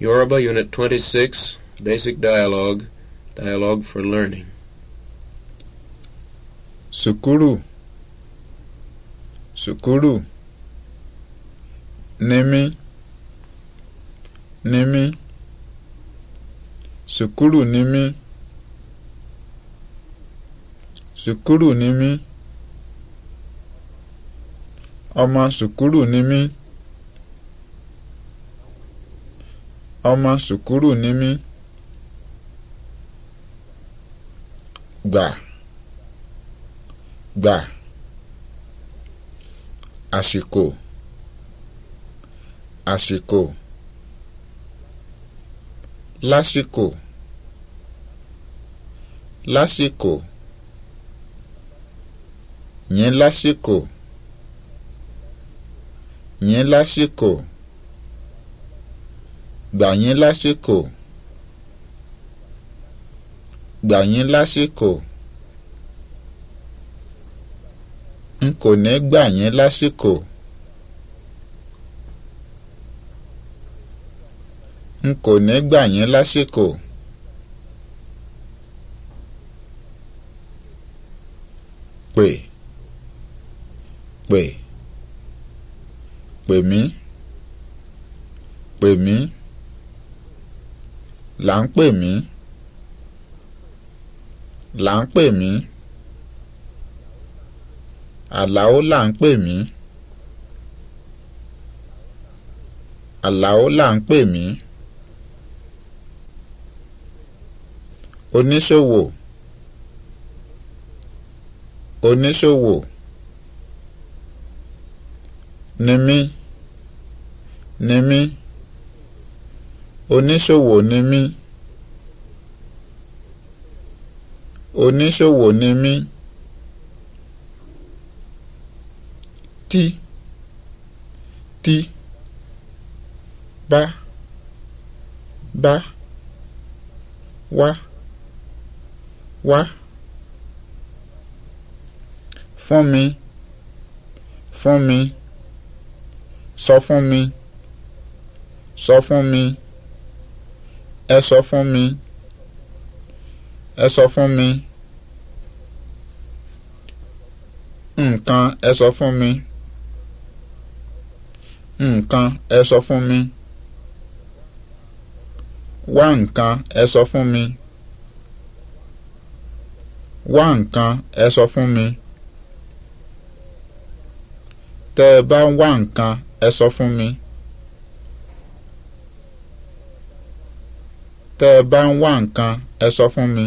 Yoruba Unit 26, Basic Dialogue, Dialogue for Learning. Sukuru. Sukuru. Nimi. Nimi. Sukuru Nimi. Sukuru Nimi. Ọmọ Sukuru Nimi. Ọmọ sùkúrù ni mí. Gbà gbà àsìkò àsìkò lásìkò lásìkò yẹn lásìkò yẹn lásìkò gbà yín lásìkò gbà yín lásìkò n kò ní gbà yín lásìkò n kò ní gbà yín lásìkò pè pè pè mí pè mí là ń pè mí là ń pè mí àlàó là ń pè mí àlàó là ń pè mí oníṣòwò oníṣòwò ni mí ni mí oníṣòwò ni mí oníṣòwò ni mí tí tí bá bá wá wá fún mi fún mi sọ fún mi sọ fún mi ẹ sọ fún mi ẹ sọ fún mi nǹkan ẹ sọ fún mi nǹkan ẹ sọ fún mi wá nǹkan ẹ sọ fún mi wá nǹkan ẹ sọ fún mi tẹ́ ẹ bá wá nǹkan ẹ sọ fún mi. tẹ́ ẹ bá ń wá nǹkan ẹ sọ fún mi